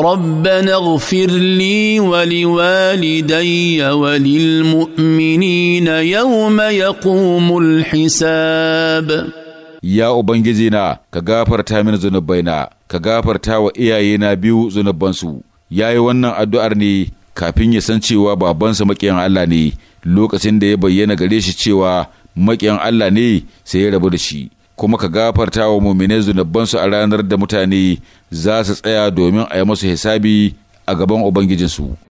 ربنا اغفر لي ولوالدي ya يوم يقوم الحساب ya Ubangijina, ka gafarta mini zunubaina, ka gafarta wa iyayena biyu zunubansu, ya yi wannan addu'ar ne kafin ya san cewa babansa maƙiyan Allah ne, lokacin da ya bayyana gare shi cewa maƙiyan Allah ne sai ya rabu da shi. kuma ka gafarta wa muminai zunubansu a ranar da mutane za su tsaya domin a yi musu hisabi a gaban Ubangijinsu.